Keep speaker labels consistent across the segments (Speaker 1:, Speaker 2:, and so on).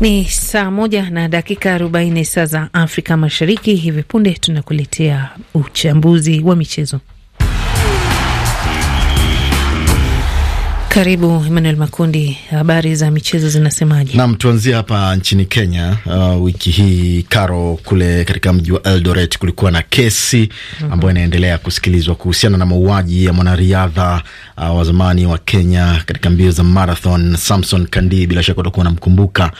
Speaker 1: Ni saa moja na dakika arobaini saa za Afrika Mashariki. Hivi punde tunakuletea uchambuzi wa michezo. Karibu Emmanuel Makundi, habari za michezo zinasemaje?
Speaker 2: Nam, tuanzie hapa nchini Kenya. Uh, wiki hii Karo, kule katika mji wa Eldoret kulikuwa na kesi mm -hmm. ambayo inaendelea kusikilizwa kuhusiana na mauaji ya mwanariadha uh, wa zamani wa Kenya katika mbio za marathon Samson Kandii, bila shaka utakuwa unamkumbuka,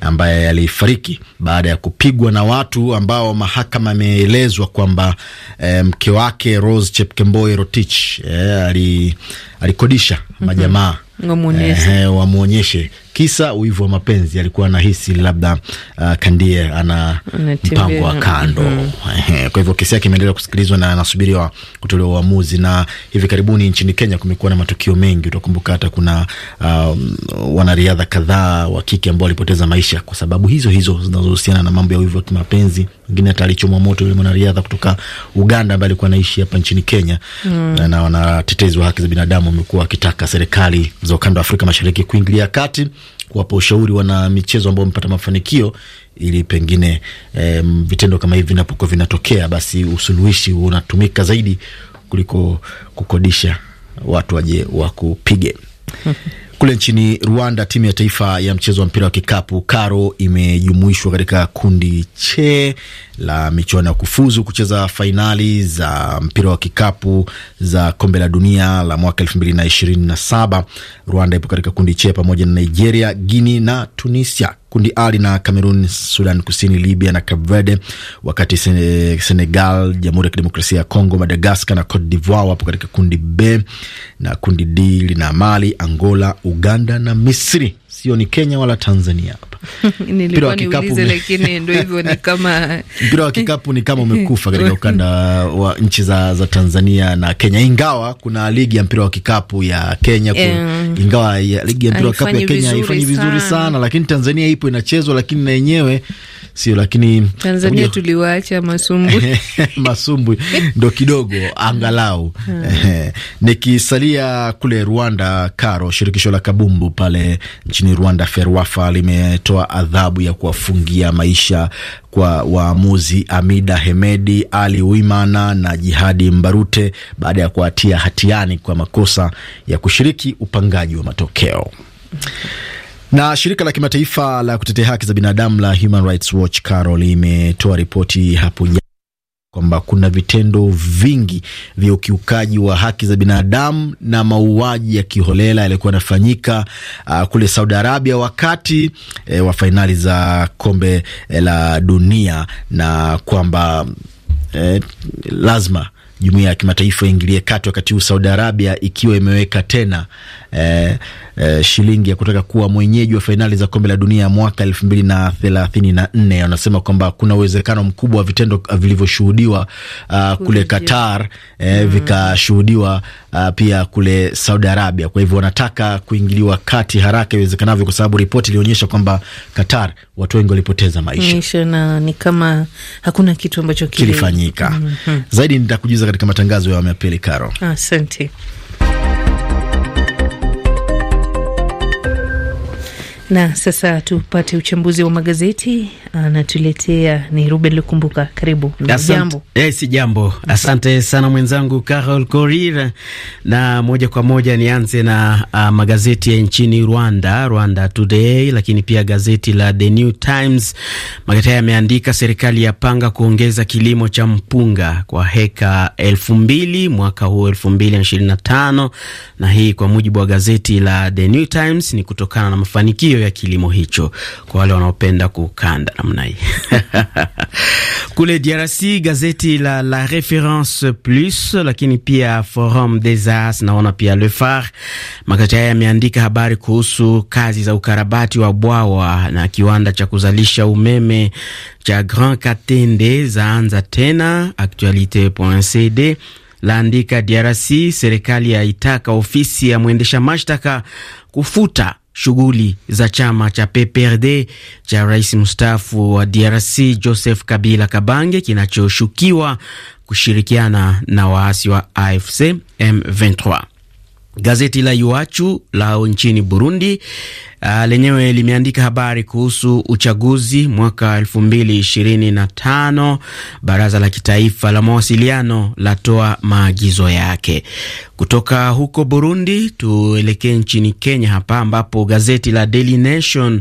Speaker 2: ambaye alifariki baada ya kupigwa na watu ambao mahakama ameelezwa kwamba eh, mke wake Rose Chepkemboi Rotich eh, alikodisha mhm. majamaa mm -hmm Ah. eh, wamwonyeshe kisa uivu wa mapenzi. Alikuwa anahisi labda uh, Kandie ana mpango wa kando mm. Kwa hivyo kesi yake imeendelea kusikilizwa na anasubiriwa kutolewa uamuzi. Na hivi karibuni nchini Kenya kumekuwa na matukio mengi, utakumbuka hata kuna uh, wanariadha kadhaa wa kike ambao walipoteza maisha kwa sababu hizo hizo zinazohusiana na mambo ya uivu wa kimapenzi. Wengine hata alichomwa moto yule mwanariadha kutoka Uganda ambaye alikuwa anaishi hapa nchini Kenya mm. Na wanatetezi wa haki za binadamu wamekuwa wakitaka serikali za ukanda wa Afrika Mashariki kuingilia kati kuwapa ushauri wana michezo ambao wamepata mafanikio ili pengine um, vitendo kama hivi vinapokuwa vinatokea, basi usuluhishi unatumika zaidi kuliko kukodisha watu waje wakupige. Kule nchini Rwanda, timu ya taifa ya mchezo wa mpira wa kikapu Karo imejumuishwa katika kundi che la michuano ya kufuzu kucheza fainali za mpira wa kikapu za kombe la dunia la mwaka elfu mbili na ishirini na saba. Rwanda ipo katika kundi che pamoja na Nigeria, Guini na Tunisia. Kundi A lina Cameroon, Sudan Kusini, Libya na Cape Verde, wakati Senegal, Jamhuri ya Kidemokrasia ya Kongo, madagascar na Cote d'Ivoire wapo katika kundi B, na kundi D lina Mali, Angola, Uganda na Misri sio ni Kenya wala Tanzania hapa.
Speaker 1: Mpira wa kikapu lakini ndio hivyo ni kama mpira wa kikapu
Speaker 2: ni kama umekufa katika ukanda wa nchi za, za Tanzania na Kenya, ingawa kuna ligi ya mpira wa kikapu ya Kenya yeah. Ingawa ya ligi ya mpira wa kikapu ya Kenya haifanyi vizuri sana, sana, lakini Tanzania ipo inachezwa, lakini na yenyewe sio, lakini Tanzania
Speaker 1: tuliwaacha masumbwi
Speaker 2: masumbwi ndo kidogo angalau hmm. Nikisalia kule Rwanda, Karo, shirikisho la kabumbu pale nchini Rwanda, Ferwafa, limetoa adhabu ya kuwafungia maisha kwa waamuzi Amida Hemedi, Ali Uimana na Jihadi Mbarute baada ya kuatia hatiani kwa makosa ya kushiriki upangaji wa matokeo. Na shirika la kimataifa la kutetea haki za binadamu la Human Rights Watch Carol imetoa ripoti hapo jana kwamba kuna vitendo vingi vya ukiukaji wa haki za binadamu na mauaji ya kiholela yaliyokuwa yanafanyika uh, kule Saudi Arabia wakati eh, wa fainali za kombe eh, la dunia na kwamba Eh, lazima jumuiya ya kimataifa iingilie kati, wakati huu Saudi Arabia ikiwa imeweka tena e, e, shilingi ya kutaka kuwa mwenyeji wa fainali za kombe la dunia ya mwaka elfu mbili na thelathini na nne. Wanasema kwamba kuna uwezekano mkubwa wa vitendo ah, vilivyoshuhudiwa uh, kule Qatar e, mm, vikashuhudiwa uh, pia kule Saudi Arabia. Kwa hivyo wanataka kuingiliwa kati haraka iwezekanavyo, kwa sababu ripoti ilionyesha kwamba Qatar watu wengi walipoteza maisha
Speaker 1: na ni kama hakuna kitu ambacho kilifanyika. mm -hmm.
Speaker 2: Zaidi nitakujuza katika matangazo ya awamu ya pili. Karo,
Speaker 1: asante. Na sasa tupate uchambuzi wa magazeti anatuletea ah, ah, ni Ruben Lukumbuka. Karibu. Jambo.
Speaker 3: Eh, si jambo. Asante sana mwenzangu Carol Korir, na moja kwa moja nianze na uh, magazeti ya nchini Rwanda, Rwanda Today, lakini pia gazeti la The New Times. Magazeti haya yameandika serikali yapanga kuongeza kilimo cha mpunga kwa heka elfu mbili mwaka huu elfu mbili na ishirini na tano, na hii kwa mujibu wa gazeti la The New Times ni kutokana na mafanikio ya kilimo hicho kwa wale wanaopenda kukanda na namna hii kule DRC gazeti la la Reference Plus, lakini pia Forum des As, naona pia Le Phare. Magazeti haya yameandika habari kuhusu kazi za ukarabati wa bwawa na kiwanda cha kuzalisha umeme cha Grand Katende zaanza tena. Actualite.cd laandika DRC, serikali yaitaka ofisi ya mwendesha mashtaka kufuta shughuli za chama cha PPRD cha rais mstaafu wa DRC Joseph Kabila Kabange kinachoshukiwa kushirikiana na waasi wa AFC M23. Gazeti la Iwachu la nchini Burundi uh, lenyewe limeandika habari kuhusu uchaguzi mwaka 2025. Baraza la kitaifa la mawasiliano latoa maagizo yake. Kutoka huko Burundi tuelekee nchini Kenya hapa ambapo gazeti la Daily Nation,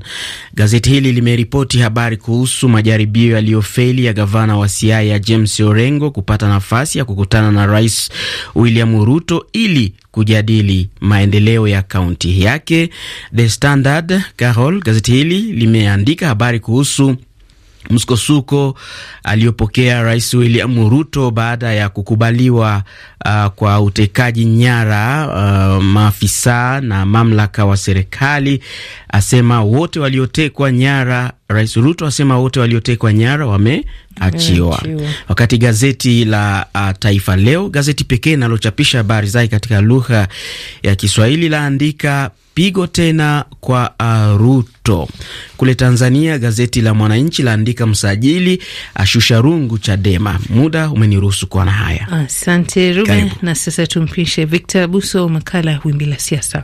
Speaker 3: gazeti hili limeripoti habari kuhusu majaribio yaliyofeli ya gavana wa Siaya James Orengo kupata nafasi ya kukutana na Rais William Ruto ili kujadili maendeleo ya kaunti yake. The Standard Carol, gazeti hili limeandika habari kuhusu msukosuko aliyopokea Rais William Ruto baada ya kukubaliwa uh, kwa utekaji nyara uh, maafisa na mamlaka wa serikali, asema wote waliotekwa nyara. Rais Ruto asema wote waliotekwa nyara wameachiwa. Wakati gazeti la uh, Taifa Leo, gazeti pekee linalochapisha habari zake katika lugha ya Kiswahili, laandika pigo tena kwa uh, Ruto. Kule Tanzania, gazeti la Mwananchi laandika msajili ashusha rungu Chadema. Muda umeniruhusu kuwa na haya,
Speaker 1: asante rube Na sasa tumpishe Victor Abuso, makala wimbi la siasa.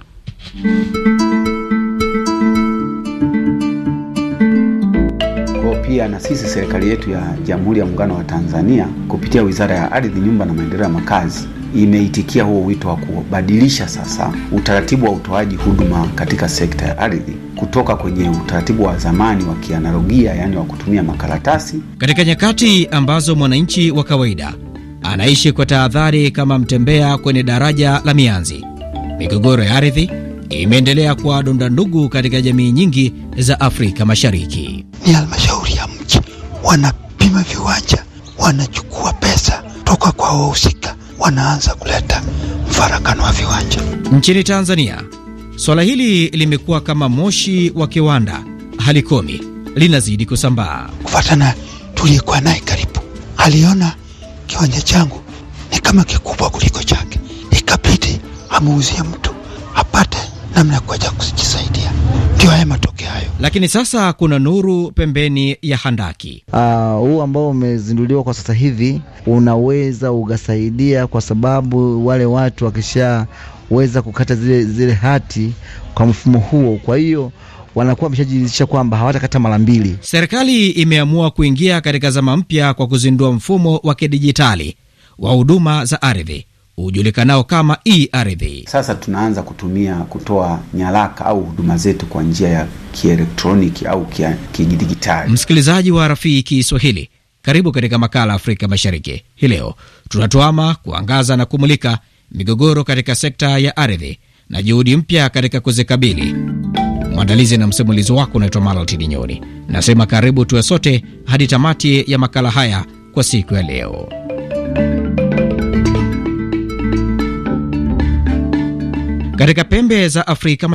Speaker 4: Pia na sisi serikali yetu ya Jamhuri ya Muungano wa Tanzania kupitia Wizara ya Ardhi, Nyumba na Maendeleo ya Makazi imeitikia huo wito wa kubadilisha sasa utaratibu wa utoaji huduma katika sekta ya ardhi kutoka kwenye utaratibu wa zamani wa kianalogia, yaani wa kutumia makaratasi,
Speaker 5: katika nyakati ambazo mwananchi wa kawaida anaishi kwa tahadhari kama mtembea kwenye daraja la mianzi. Migogoro ya ardhi imeendelea kwa donda ndugu katika jamii nyingi za Afrika Mashariki.
Speaker 6: Ni halmashauri ya mji wanapima viwanja,
Speaker 5: wanachukua pesa toka kwa wahusika wanaanza kuleta mfarakano wa viwanja nchini Tanzania. Swala hili limekuwa kama moshi wa kiwanda, halikomi, linazidi kusambaa.
Speaker 6: Kufatana tuliyekuwa naye karibu, aliona kiwanja changu ni kama kikubwa kuliko chake, ikabidi amuuzie mtu apate namna ya kuweza kujisaidia. Ndio haya matokeo
Speaker 5: lakini sasa kuna nuru pembeni ya handaki.
Speaker 7: Uh, huu ambao umezinduliwa kwa sasa hivi unaweza ukasaidia, kwa sababu wale watu wakishaweza kukata zile, zile hati kwa mfumo huo, kwa hiyo wanakuwa wameshajiridhisha kwamba hawatakata mara mbili.
Speaker 5: Serikali imeamua kuingia katika zama mpya kwa kuzindua mfumo wa kidijitali wa huduma za ardhi ujulikanao kama e-ardhi.
Speaker 4: Sasa tunaanza kutumia kutoa nyaraka au huduma zetu kwa njia ya kielektroniki au kidigitali.
Speaker 5: Msikilizaji wa Rafiki Kiswahili, karibu katika makala Afrika Mashariki. Hii leo tunatuama kuangaza na kumulika migogoro katika sekta ya ardhi na juhudi mpya katika kuzikabili. Mwandalizi na msimulizi wako unaitwa Maltini Nyoni, nasema karibu tuwe sote hadi tamati ya makala haya kwa siku ya leo. katika pembe za Afrika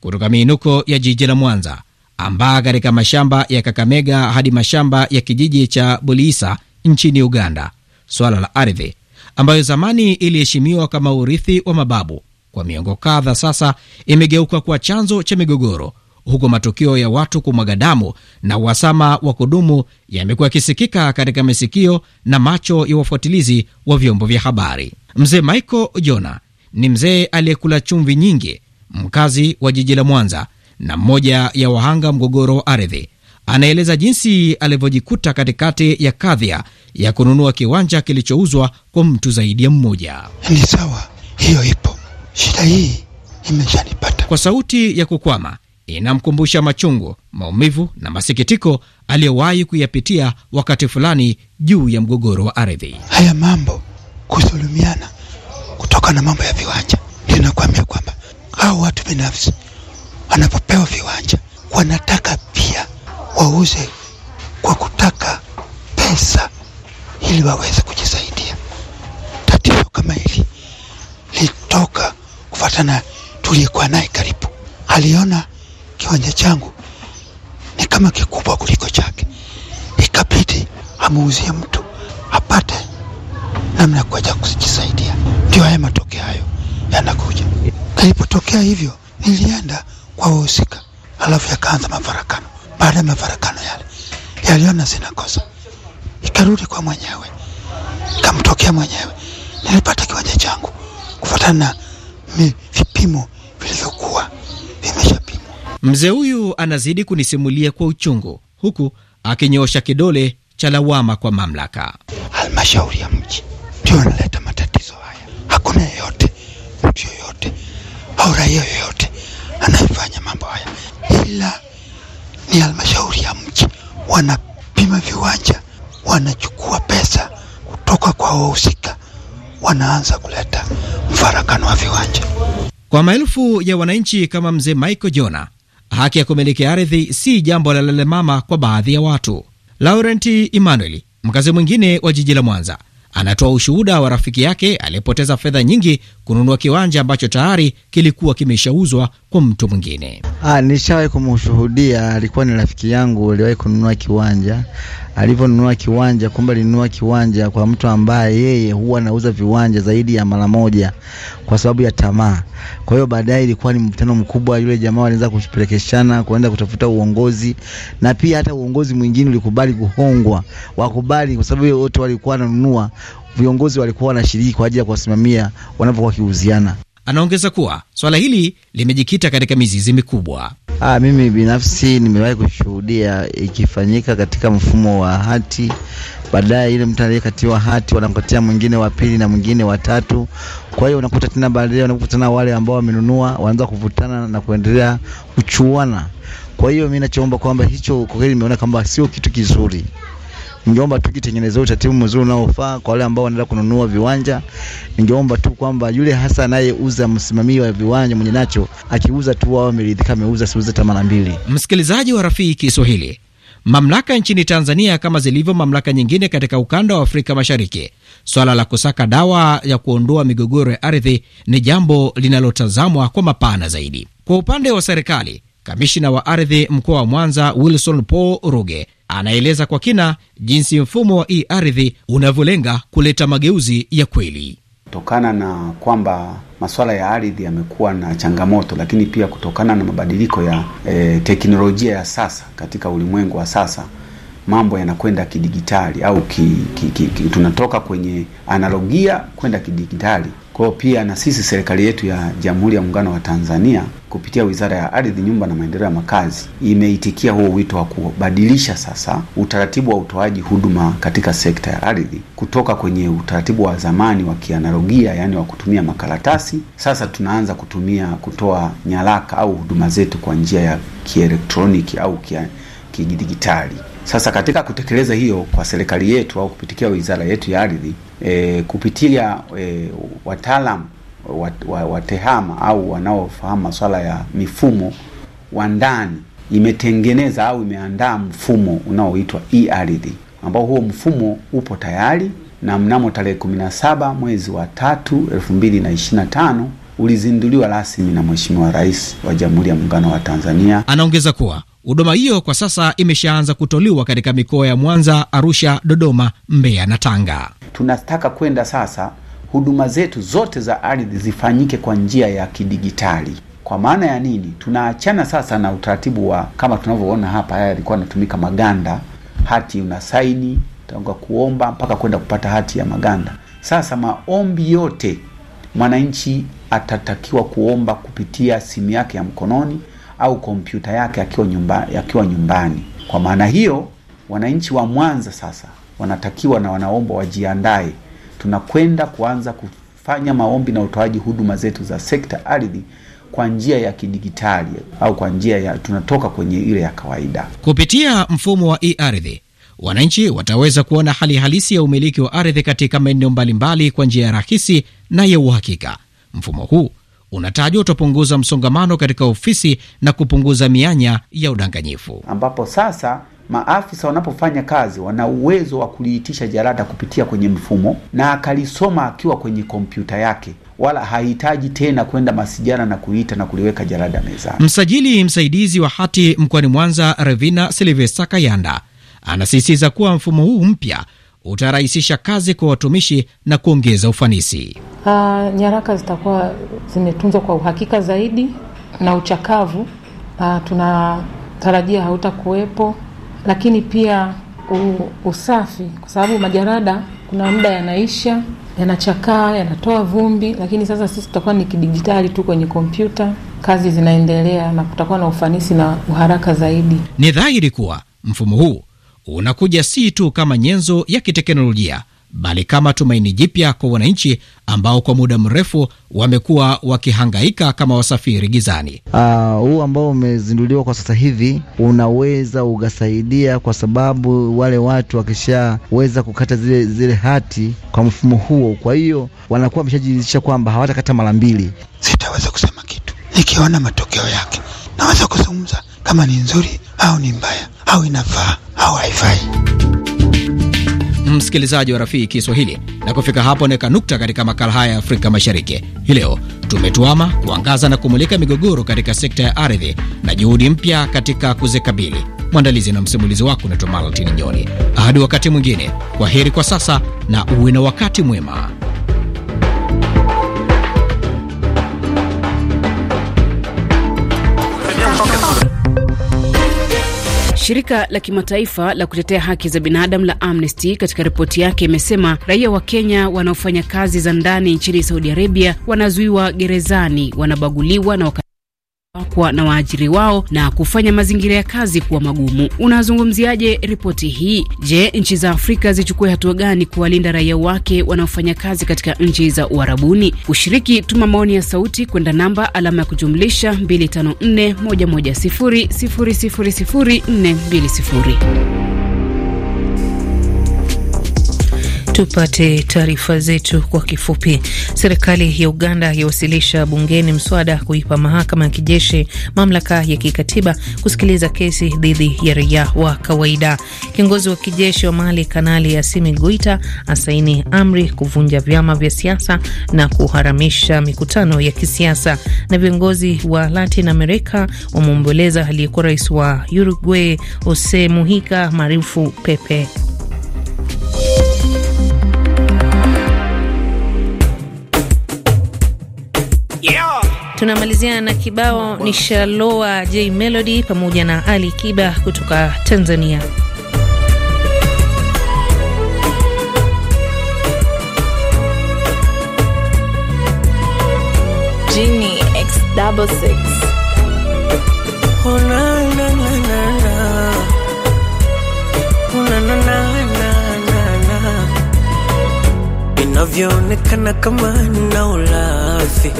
Speaker 5: kutoka miinuko ya jiji la Mwanza ambaa katika mashamba ya Kakamega hadi mashamba ya kijiji cha Buliisa nchini Uganda. Swala la ardhi ambayo zamani iliheshimiwa kama urithi wa mababu, kwa miongo kadha sasa imegeuka kuwa chanzo cha migogoro, huku matukio ya watu kumwaga damu na uhasama wa kudumu yamekuwa yakisikika katika masikio na macho ya wafuatilizi wa vyombo vya habari. Mzee Michael Jona ni mzee aliyekula chumvi nyingi, mkazi wa jiji la Mwanza na mmoja ya wahanga mgogoro wa ardhi. Anaeleza jinsi alivyojikuta katikati ya kadhia ya kununua kiwanja kilichouzwa kwa mtu zaidi ya mmoja. Ni sawa, hiyo ipo, shida hii imeshanipata. Kwa sauti ya kukwama inamkumbusha machungu, maumivu na masikitiko aliyowahi kuyapitia wakati fulani juu ya mgogoro wa ardhi.
Speaker 6: Haya mambo, kusulumiana kutoka na mambo ya viwanja. Ndio nakwambia kwamba hao watu binafsi wanapopewa viwanja wanataka pia wauze kwa kutaka pesa ili waweze kujisaidia. Tatizo kama hili litoka kufatana, tuliyekuwa naye karibu aliona kiwanja changu ni kama kikubwa kuliko chake, ikabidi amuuzie mtu apate namna ya kuja kujisaidia ndio haya matokeo hayo yanakuja. Kalipotokea hivyo, nilienda kwa wahusika, alafu yakaanza mafarakano. Baada ya mafarakano yale, yaliona sina kosa, ikarudi kwa mwenyewe, ikamtokea mwenyewe. Nilipata kiwanja changu kufuatana na vipimo vilivyokuwa vimeshapimwa. Mzee huyu
Speaker 5: anazidi kunisimulia kwa uchungu, huku akinyoosha kidole cha lawama kwa mamlaka.
Speaker 6: Halmashauri ya mji ndio analeta matatizo haya hakuna yeyote, mtu yoyote au raia yoyote anayefanya mambo haya, ila ni halmashauri ya mji wanapima viwanja, wanachukua pesa kutoka kwa wahusika, wanaanza kuleta mfarakano
Speaker 5: wa viwanja kwa maelfu ya wananchi. Kama mzee Michael Jona, haki ya kumiliki ardhi si jambo la lelemama kwa baadhi ya watu. Laurenti Emmanuel, mkazi mwingine wa jiji la Mwanza, anatoa ushuhuda wa rafiki yake aliyepoteza fedha nyingi kununua kiwanja ambacho tayari kilikuwa kimeshauzwa kwa mtu mwingine.
Speaker 7: Ah, Nishawahi kumshuhudia, alikuwa ni rafiki yangu, aliwahi kununua kiwanja. Alivyonunua kiwanja, kumbe alinunua kiwanja kwa mtu ambaye yeye huwa anauza viwanja zaidi ya mara moja kwa sababu ya tamaa. Kwa hiyo baadaye ilikuwa ni mvutano mkubwa, yule jamaa alianza kupelekeshana kuenda kutafuta uongozi, na pia hata uongozi mwingine ulikubali kuhongwa, wakubali kwa sababu wote walikuwa wananunua viongozi walikuwa wanashiriki kwa ajili ya kuwasimamia wanapokuwa kiuziana.
Speaker 5: Anaongeza kuwa swala hili limejikita katika mizizi mikubwa.
Speaker 7: Aa, ah, mimi binafsi nimewahi kushuhudia ikifanyika katika mfumo wa hati, baadaye ile mtu aliyekatiwa hati wanampatia mwingine wa pili na mwingine wa tatu. Kwa hiyo unakuta tena baadaye wanakutana wale ambao wamenunua wanaanza kuvutana na kuendelea kuchuana. Kwa hiyo mi nachoomba kwamba hicho kwa kweli nimeona kwamba sio kitu kizuri. Ningeomba tu kitengeneze utaratibu mzuri unaofaa kwa wale ambao wanaenda kununua viwanja. Ningeomba tu kwamba yule hasa anayeuza, msimamii wa viwanja mwenye nacho, akiuza tu wao ameridhika, ameuza, siuze hata mbili.
Speaker 5: Msikilizaji wa Rafiki Kiswahili, mamlaka nchini Tanzania kama zilivyo mamlaka nyingine katika ukanda wa Afrika Mashariki, swala la kusaka dawa ya kuondoa migogoro ya ardhi ni jambo linalotazamwa kwa mapana zaidi. Kwa upande wa serikali, kamishina wa ardhi mkoa wa Mwanza Wilson Paul Ruge anaeleza kwa kina jinsi mfumo wa hii ardhi unavyolenga kuleta mageuzi ya kweli.
Speaker 4: Kutokana na kwamba masuala ya ardhi yamekuwa na changamoto, lakini pia kutokana na mabadiliko ya e, teknolojia ya sasa katika ulimwengu wa sasa, mambo yanakwenda kidigitali au ki, ki, ki, ki, tunatoka kwenye analogia kwenda kidigitali. Kwa hiyo pia na sisi serikali yetu ya Jamhuri ya Muungano wa Tanzania kupitia Wizara ya Ardhi, Nyumba na Maendeleo ya Makazi imeitikia huo wito wa kubadilisha sasa utaratibu wa utoaji huduma katika sekta ya ardhi kutoka kwenye utaratibu wa zamani wa kianalogia, yaani wa kutumia makaratasi. Sasa tunaanza kutumia kutoa nyaraka au huduma zetu kwa njia ya kielektroniki au kidigitali. Sasa katika kutekeleza hiyo kwa serikali yetu au kupitikia Wizara yetu ya Ardhi e, kupitia e, wataalam wa, wa, wa tehama au wanaofahamu masuala ya mifumo wa ndani imetengeneza au imeandaa mfumo unaoitwa erd ardhi ambao huo mfumo upo tayari na mnamo tarehe 17 mwezi wa tatu 2025 ulizinduliwa rasmi na Mheshimiwa Rais wa Jamhuri ya Muungano wa Tanzania.
Speaker 5: Anaongeza kuwa huduma hiyo kwa sasa imeshaanza kutolewa katika mikoa ya Mwanza, Arusha, Dodoma, Mbeya
Speaker 4: na Tanga. Tunataka kwenda sasa huduma zetu zote za ardhi zifanyike kwa njia ya kidigitali. Kwa maana ya nini? Tunaachana sasa na utaratibu wa kama tunavyoona hapa, haya yalikuwa anatumika maganda, hati unasaini tanga kuomba mpaka kwenda kupata hati ya maganda. Sasa maombi yote mwananchi atatakiwa kuomba kupitia simu yake ya mkononi au kompyuta yake akiwa nyumba, nyumbani. Kwa maana hiyo, wananchi wa Mwanza sasa wanatakiwa na wanaomba wajiandae, tunakwenda kuanza kufanya maombi na utoaji huduma zetu za sekta ardhi kwa njia ya kidigitali au kwa njia ya tunatoka kwenye ile ya kawaida
Speaker 5: kupitia mfumo wa e-ardhi. Wananchi wataweza kuona hali halisi ya umiliki wa ardhi katika maeneo mbalimbali kwa njia ya rahisi na ya uhakika. Mfumo huu unatajwa utapunguza msongamano katika ofisi na kupunguza mianya
Speaker 4: ya udanganyifu, ambapo sasa maafisa wanapofanya kazi wana uwezo wa kuliitisha jarada kupitia kwenye mfumo na akalisoma akiwa kwenye kompyuta yake wala hahitaji tena kwenda masijana na kuita na kuliweka jarada mezani.
Speaker 5: Msajili msaidizi wa hati mkoani Mwanza, Revina Silvesta Kayanda, anasisitiza kuwa mfumo huu mpya utarahisisha kazi kwa watumishi na kuongeza ufanisi.
Speaker 1: Uh, nyaraka zitakuwa zimetunzwa kwa uhakika zaidi na uchakavu uh, tunatarajia hautakuwepo, lakini pia u, usafi kwa sababu majarada kuna muda yanaisha, yanachakaa, yanatoa vumbi, lakini sasa sisi tutakuwa ni kidijitali tu kwenye kompyuta, kazi zinaendelea na kutakuwa na ufanisi na uharaka zaidi.
Speaker 5: Ni dhahiri kuwa mfumo huu unakuja si tu kama nyenzo ya kiteknolojia bali kama tumaini jipya kwa wananchi ambao kwa muda mrefu wamekuwa wakihangaika kama wasafiri gizani.
Speaker 7: Uh, ambao umezinduliwa kwa sasa hivi unaweza ukasaidia, kwa sababu wale watu wakishaweza kukata zile, zile hati kwa mfumo huo, kwa hiyo wanakuwa wameshajiridhisha kwamba hawatakata mara mbili. Sitaweza kusema kitu nikiona matokeo yake, naweza kuzungumza kama ni nzuri
Speaker 6: au ni mbaya au inafaa au haifai.
Speaker 5: Msikilizaji wa Rafiki Kiswahili, na kufika hapo naweka nukta katika makala haya ya Afrika Mashariki hii leo. Tumetuama kuangaza na kumulika migogoro katika sekta ya ardhi na juhudi mpya katika kuzikabili. Mwandalizi na msimulizi wako naitwa Maltin Nyoni. Hadi wakati mwingine, kwa heri kwa sasa na uwe na wakati mwema.
Speaker 3: Shirika la kimataifa la kutetea haki za binadamu la Amnesty katika ripoti yake imesema raia wa Kenya wanaofanya kazi za ndani nchini Saudi Arabia wanazuiwa gerezani, wanabaguliwa na kwa na waajiri wao na kufanya mazingira ya kazi kuwa magumu. Unazungumziaje ripoti hii? Je, nchi za Afrika zichukue hatua gani kuwalinda raia wake wanaofanya kazi katika nchi za Uarabuni? ushiriki tuma maoni ya sauti kwenda namba alama ya kujumlisha 254110000420.
Speaker 1: Tupate taarifa zetu kwa kifupi. Serikali ya Uganda yawasilisha bungeni mswada kuipa mahakama ya kijeshi mamlaka ya kikatiba kusikiliza kesi dhidi ya raia wa kawaida. Kiongozi wa kijeshi wa Mali Kanali asimi guita asaini amri kuvunja vyama vya siasa na kuharamisha mikutano ya kisiasa. Na viongozi wa Latin America wameomboleza aliyekuwa rais wa Uruguay Jose Mujica maarufu Pepe. Tunamalizia na kibao ni Shaloa J Melody pamoja na Ali Kiba kutoka Tanzania.
Speaker 8: Genie inavyoonekana kama na ulafi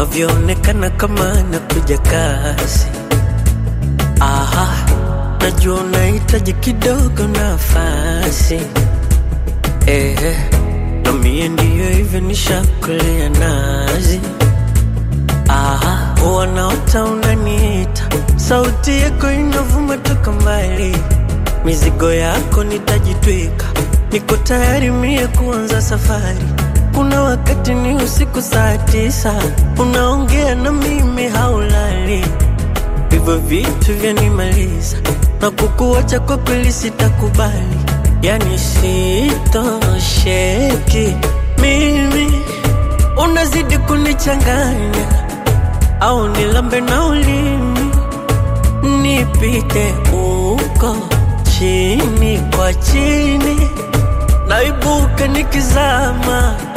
Speaker 8: navyoonekana kama nakuja kasi. Aha, najua unahitaji kidogo nafasi. Ehe, na mie ndiyo hivyo nishakulia nazi. Aha, wanaota unaniita, sauti yako inavuma toka mbali, mizigo yako nitajitwika, niko tayari mie kuanza safari kuna wakati ni usiku saa tisa, unaongea na mimi haulali, vivyo vitu vyanimaliza na kukuacha kwa kweli sitakubali, yani sitosheki mimi, unazidi kunichanganya, au nilambe na ulimi nipite uko chini kwa chini, naibuka nikizama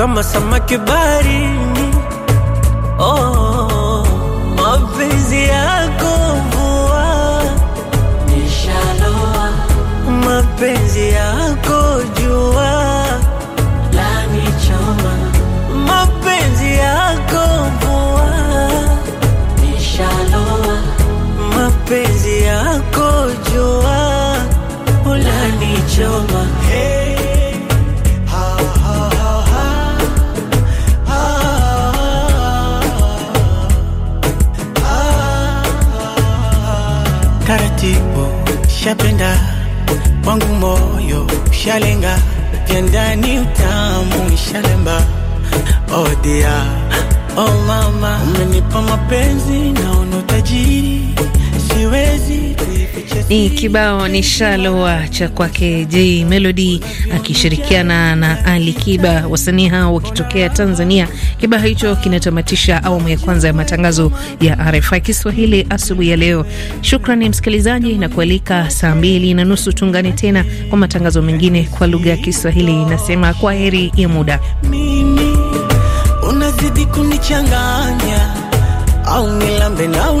Speaker 8: kama samaki baharini. Oh, mapenzi yako mvua, nishaloa mapenzi yako jua, lanichoma mapenzi yako mvua, nishaloa mapenzi yako jua, ulanichoma Ushapenda wangu moyo ushalenga, ya ndani utamu ishalemba, oh dear Oh mama, umenipa mapenzi naona
Speaker 1: utajiri, siwezi Ni kibao ni shalowa cha kwake J Melody akishirikiana na Ali Kiba, wasanii hao wakitokea Tanzania. Kibao hicho kinatamatisha awamu ya kwanza ya matangazo ya RFI Kiswahili asubuhi ya leo. Shukrani msikilizaji, na kualika saa mbili na nusu tuungane tena kwa matangazo mengine kwa lugha ya Kiswahili. Nasema kwa heri ya muda
Speaker 8: kuchanganya au nilambe na